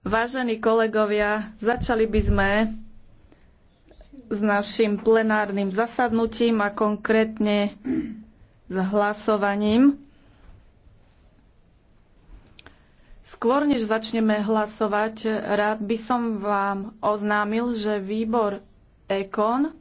Vážení kolegovia, začali by sme s našim plenárnym zasadnutím a konkrétne s hlasovaním. Skôr než začneme hlasovať, rád by som vám oznámil, že výbor EKON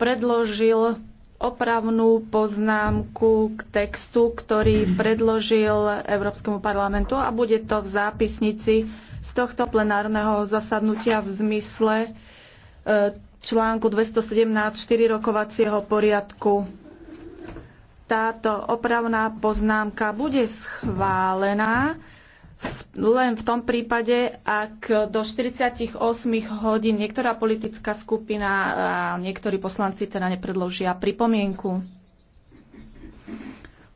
predložil opravnú poznámku k textu, ktorý predložil Európskemu parlamentu a bude to v zápisnici z tohto plenárneho zasadnutia v zmysle e, článku 217 4 rokovacieho poriadku. Táto opravná poznámka bude schválená len v tom prípade, ak do 48 hodín niektorá politická skupina a niektorí poslanci teda nepredložia pripomienku.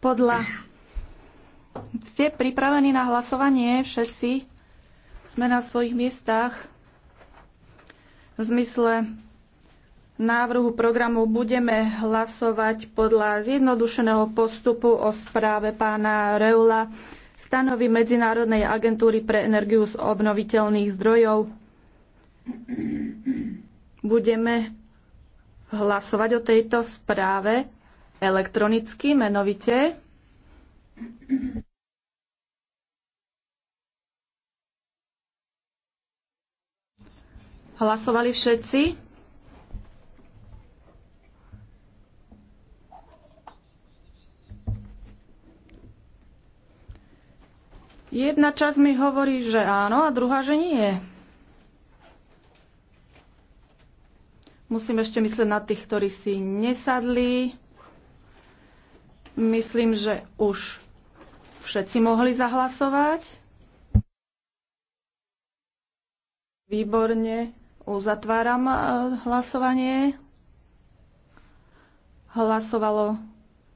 Podľa... Ste pripravení na hlasovanie všetci? Sme na svojich miestach. V zmysle návrhu programu budeme hlasovať podľa zjednodušeného postupu o správe pána Reula stanovy Medzinárodnej agentúry pre energiu z obnoviteľných zdrojov. Budeme hlasovať o tejto správe elektronicky, menovite. Hlasovali všetci? Jedna časť mi hovorí, že áno a druhá, že nie. Musím ešte myslieť na tých, ktorí si nesadli. Myslím, že už všetci mohli zahlasovať. Výborne. Uzatváram eh, hlasovanie. Hlasovalo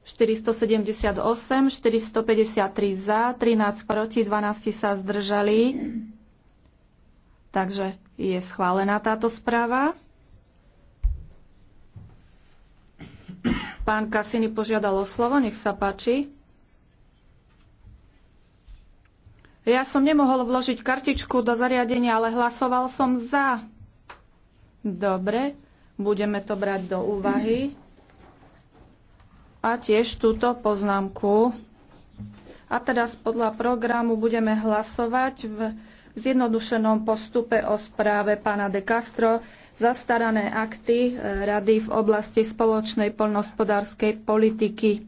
478, 453 za, 13 proti, 12 sa zdržali. Takže je schválená táto správa. Pán Kasiny požiadal o slovo, nech sa páči. Ja som nemohol vložiť kartičku do zariadenia, ale hlasoval som za. Dobre, budeme to brať do úvahy a tiež túto poznámku. A teraz podľa programu budeme hlasovať v zjednodušenom postupe o správe pána de Castro zastarané akty e, Rady v oblasti spoločnej poľnohospodárskej politiky.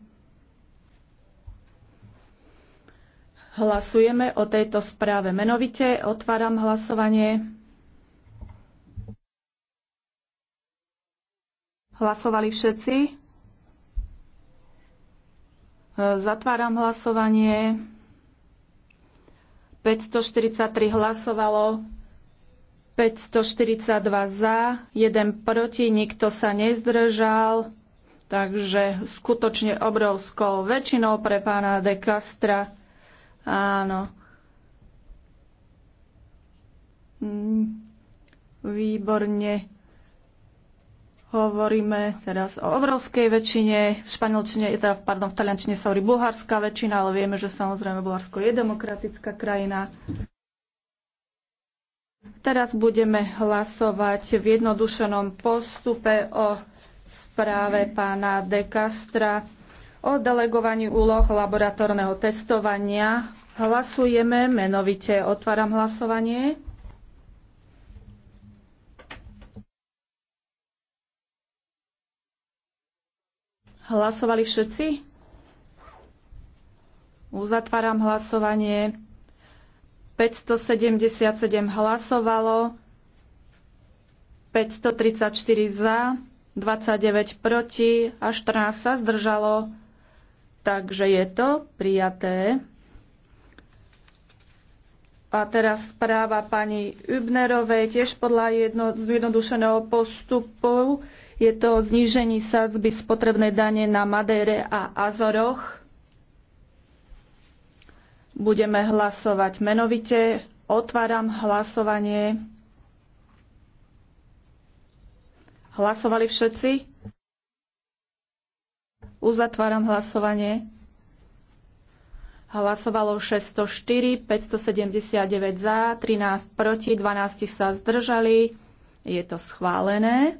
Hlasujeme o tejto správe menovite. Otváram hlasovanie. Hlasovali všetci? Zatváram hlasovanie. 543 hlasovalo, 542 za, 1 proti, nikto sa nezdržal. Takže skutočne obrovskou väčšinou pre pána de Castra. Áno. Mm, výborne. Hovoríme teraz o obrovskej väčšine. V španielčine, teda, pardon, v taliančine sa hovorí bulharská väčšina, ale vieme, že samozrejme Bulharsko je demokratická krajina. Teraz budeme hlasovať v jednodušenom postupe o správe pána De Castra o delegovaní úloh laboratórneho testovania. Hlasujeme menovite. Otváram hlasovanie. Hlasovali všetci? Uzatváram hlasovanie. 577 hlasovalo, 534 za, 29 proti a 14 sa zdržalo. Takže je to prijaté. A teraz správa pani Übnerovej tiež podľa jedno, zjednodušeného postupu je to zníženie sadzby spotrebnej dane na Madére a Azoroch. Budeme hlasovať menovite. Otváram hlasovanie. Hlasovali všetci? Uzatváram hlasovanie. Hlasovalo 604, 579 za, 13 proti, 12 sa zdržali. Je to schválené.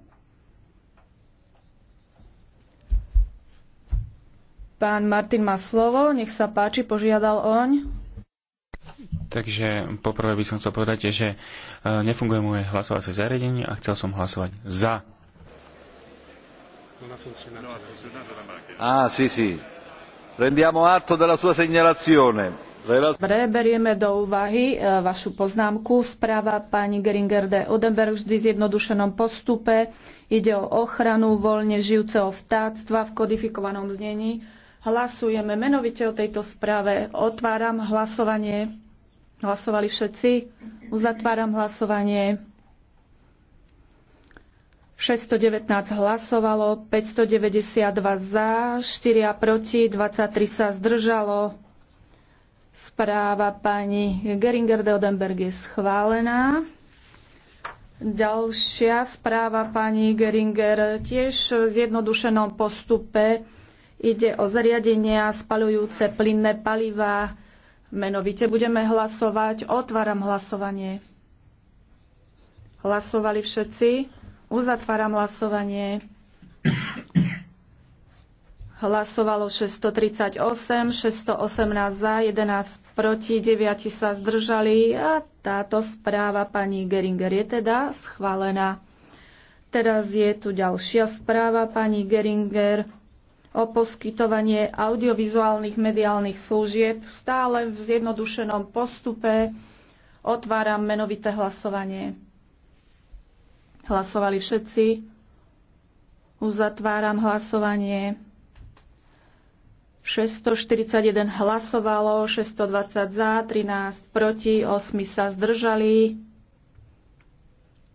Pán Martin má slovo, nech sa páči, požiadal oň. Takže poprvé by som chcel povedať, že e, nefunguje moje hlasovacie zariadenie a chcel som hlasovať za. No, ah, sì, sì. Prendiamo atto della sua segnalazione. Dobre, berieme do úvahy e, vašu poznámku. Správa pani Geringer de Odenberg vždy v zjednodušenom postupe. Ide o ochranu voľne žijúceho vtáctva v kodifikovanom znení. Hlasujeme menovite o tejto správe. Otváram hlasovanie. Hlasovali všetci. Uzatváram hlasovanie. 619 hlasovalo, 592 za, 4 proti, 23 sa zdržalo. Správa pani Geringer de Odenberg je schválená. Ďalšia správa pani Geringer tiež v zjednodušenom postupe Ide o zariadenia spalujúce plynné palivá. Menovite budeme hlasovať. Otváram hlasovanie. Hlasovali všetci. Uzatváram hlasovanie. Hlasovalo 638, 618 za, 11 proti, 9 sa zdržali a táto správa pani Geringer je teda schválená. Teraz je tu ďalšia správa pani Geringer o poskytovanie audiovizuálnych mediálnych služieb stále v zjednodušenom postupe. Otváram menovité hlasovanie. Hlasovali všetci. Uzatváram hlasovanie. 641 hlasovalo, 620 za, 13 proti, 8 sa zdržali.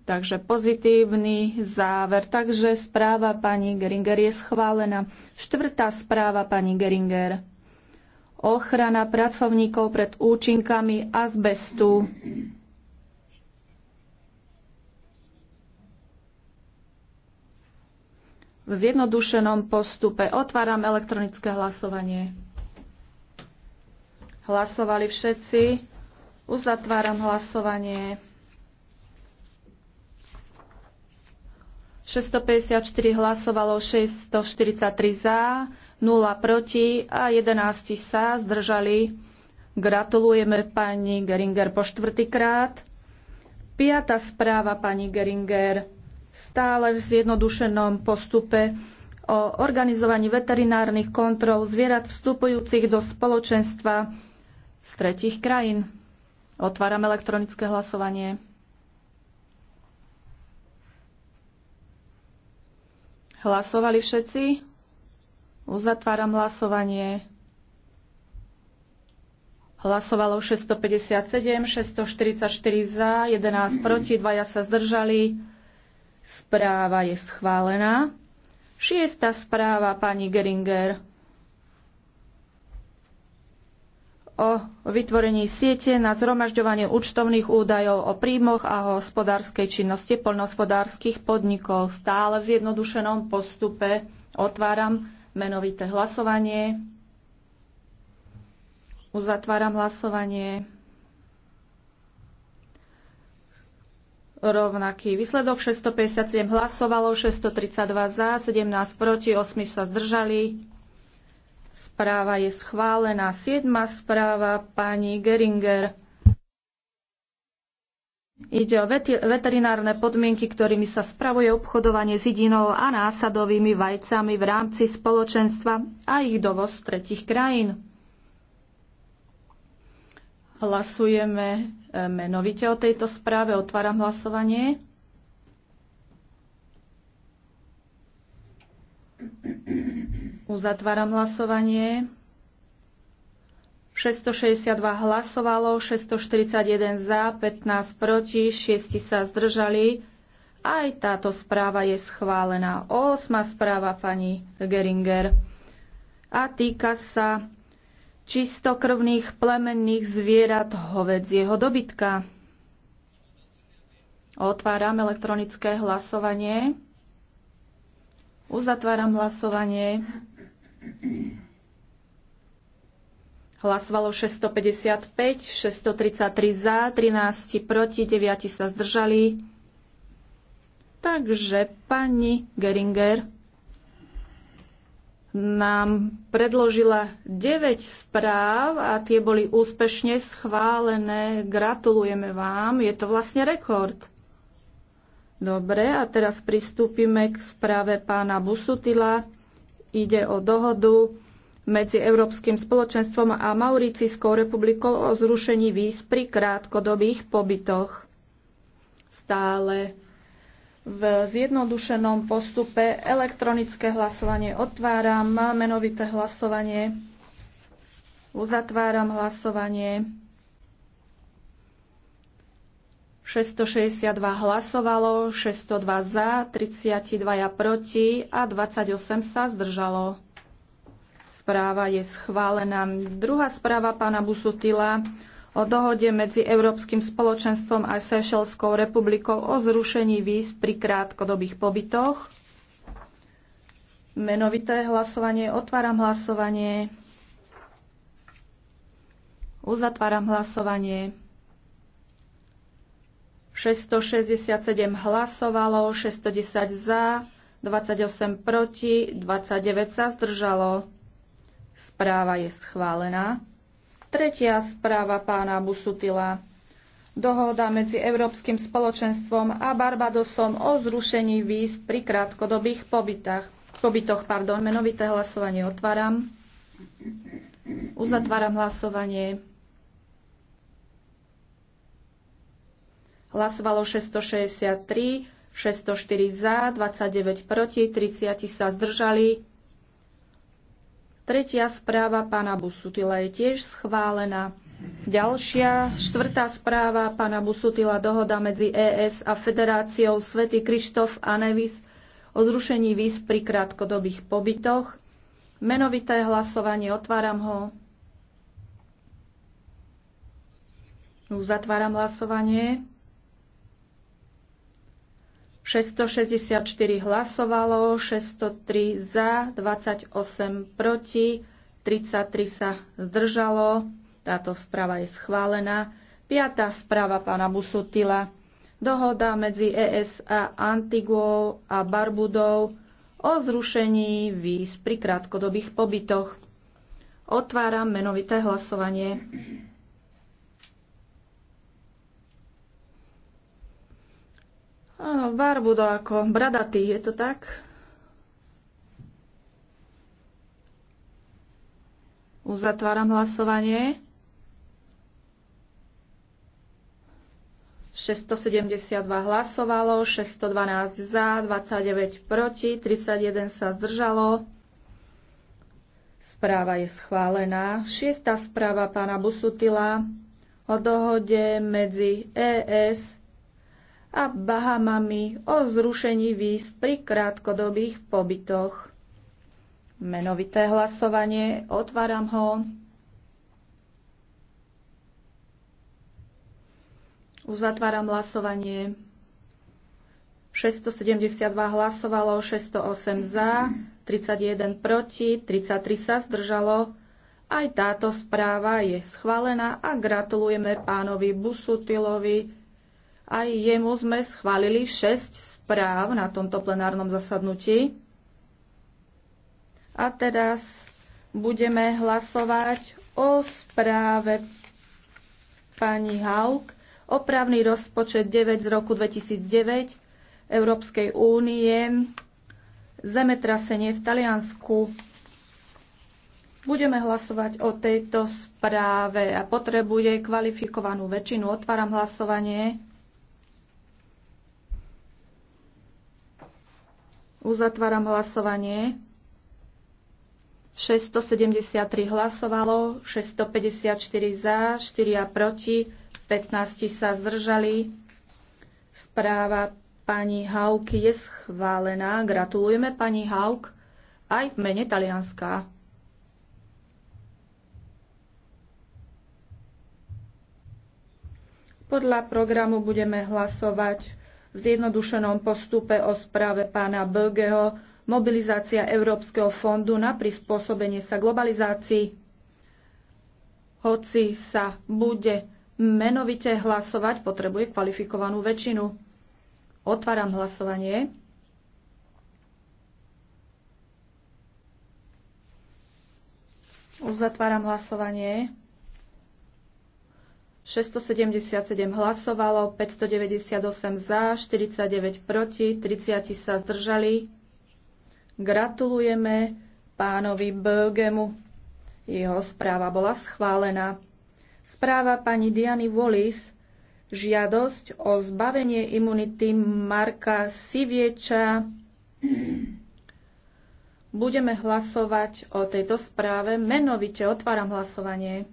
Takže pozitívny záver. Takže správa pani Geringer je schválená. Štvrtá správa pani Geringer. Ochrana pracovníkov pred účinkami azbestu. V zjednodušenom postupe otváram elektronické hlasovanie. Hlasovali všetci. Uzatváram hlasovanie. 654 hlasovalo, 643 za, 0 proti a 11 sa zdržali. Gratulujeme pani Geringer po štvrtýkrát. Piatá správa pani Geringer stále v zjednodušenom postupe o organizovaní veterinárnych kontrol zvierat vstupujúcich do spoločenstva z tretich krajín. Otváram elektronické hlasovanie. Hlasovali všetci? Uzatváram hlasovanie. Hlasovalo 657, 644 za, 11 proti, dvaja sa zdržali. Správa je schválená. Šiesta správa pani Geringer. o vytvorení siete na zhromažďovanie účtovných údajov o príjmoch a hospodárskej činnosti poľnohospodárskych podnikov. Stále v zjednodušenom postupe otváram menovité hlasovanie. Uzatváram hlasovanie. Rovnaký výsledok 657 hlasovalo, 632 za, 17 proti, 8 sa zdržali správa je schválená. Siedma správa pani Geringer. Ide o veterinárne podmienky, ktorými sa spravuje obchodovanie s jedinou a násadovými vajcami v rámci spoločenstva a ich dovoz z tretich krajín. Hlasujeme e, menovite o tejto správe. Otváram hlasovanie. Uzatváram hlasovanie. 662 hlasovalo, 641 za, 15 proti, 6 sa zdržali. Aj táto správa je schválená. Osma správa pani Geringer. A týka sa čistokrvných plemenných zvierat jeho dobytka. Otváram elektronické hlasovanie. Uzatváram hlasovanie. Hlasovalo 655, 633 za, 13 proti, 9 sa zdržali. Takže pani Geringer nám predložila 9 správ a tie boli úspešne schválené. Gratulujeme vám, je to vlastne rekord. Dobre, a teraz pristúpime k správe pána Busutila ide o dohodu medzi Európskym spoločenstvom a Mauricijskou republikou o zrušení víz pri krátkodobých pobytoch. Stále v zjednodušenom postupe elektronické hlasovanie otváram, menovité hlasovanie, uzatváram hlasovanie. 662 hlasovalo, 602 za, 32 proti a 28 sa zdržalo. Správa je schválená. Druhá správa pána Busutila o dohode medzi Európskym spoločenstvom a Seychelskou republikou o zrušení víz pri krátkodobých pobytoch. Menovité hlasovanie. Otváram hlasovanie. Uzatváram hlasovanie. 667 hlasovalo, 610 za, 28 proti, 29 sa zdržalo. Správa je schválená. Tretia správa pána Busutila. Dohoda medzi Európskym spoločenstvom a Barbadosom o zrušení víz pri krátkodobých pobytách. pobytoch. Pardon, menovité hlasovanie otváram. Uzatváram hlasovanie. Hlasovalo 663, 604 za, 29 proti, 30 sa zdržali. Tretia správa pána Busutila je tiež schválená. Ďalšia, štvrtá správa pána Busutila dohoda medzi ES a Federáciou Svety Krištof a Nevis o zrušení víz pri krátkodobých pobytoch. Menovité hlasovanie, otváram ho. Uzatváram hlasovanie. 664 hlasovalo, 603 za, 28 proti, 33 sa zdržalo. Táto správa je schválená. Piatá správa pána Busutila. Dohoda medzi e a Antiguou a Barbudou o zrušení víz pri krátkodobých pobytoch. Otváram menovité hlasovanie. Áno, barbudo ako bradatý, je to tak? Uzatváram hlasovanie. 672 hlasovalo, 612 za, 29 proti, 31 sa zdržalo. Správa je schválená. Šiesta správa pána Busutila o dohode medzi ES a Bahamami o zrušení víz pri krátkodobých pobytoch. Menovité hlasovanie, otváram ho. Uzatváram hlasovanie. 672 hlasovalo, 608 za, 31 proti, 33 sa zdržalo. Aj táto správa je schválená a gratulujeme pánovi Busutilovi, aj jemu sme schválili 6 správ na tomto plenárnom zasadnutí. A teraz budeme hlasovať o správe pani Haug opravný rozpočet 9 z roku 2009 Európskej únie zemetrasenie v Taliansku. Budeme hlasovať o tejto správe a potrebuje kvalifikovanú väčšinu. Otváram hlasovanie. Uzatváram hlasovanie. 673 hlasovalo, 654 za, 4 proti, 15 sa zdržali. Správa pani Hauk je schválená. Gratulujeme pani Hauk aj v mene Talianská. Podľa programu budeme hlasovať v zjednodušenom postupe o správe pána Bögeho mobilizácia Európskeho fondu na prispôsobenie sa globalizácii. Hoci sa bude menovite hlasovať, potrebuje kvalifikovanú väčšinu. Otváram hlasovanie. Uzatváram hlasovanie. 677 hlasovalo, 598 za, 49 proti, 30 sa zdržali. Gratulujeme pánovi Bögemu. Jeho správa bola schválená. Správa pani Diany Wallis žiadosť o zbavenie imunity Marka Sivieča. Budeme hlasovať o tejto správe. Menovite otváram hlasovanie.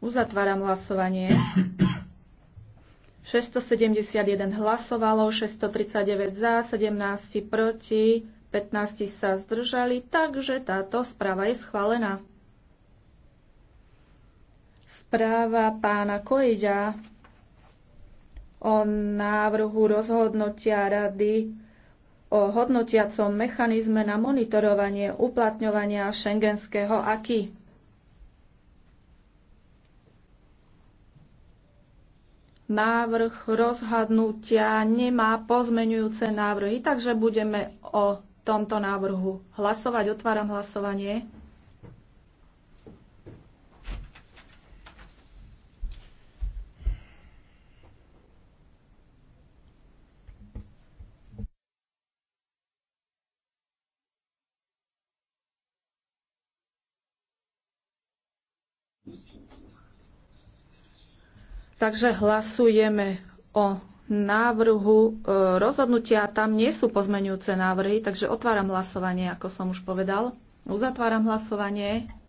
Uzatváram hlasovanie. 671 hlasovalo, 639 za, 17 proti, 15 sa zdržali, takže táto správa je schválená. Správa pána Kojďa o návrhu rozhodnutia rady o hodnotiacom mechanizme na monitorovanie uplatňovania šengenského aky. návrh rozhodnutia nemá pozmenujúce návrhy, takže budeme o tomto návrhu hlasovať. Otváram hlasovanie. Takže hlasujeme o návrhu e, rozhodnutia. Tam nie sú pozmenujúce návrhy, takže otváram hlasovanie, ako som už povedal. Uzatváram hlasovanie.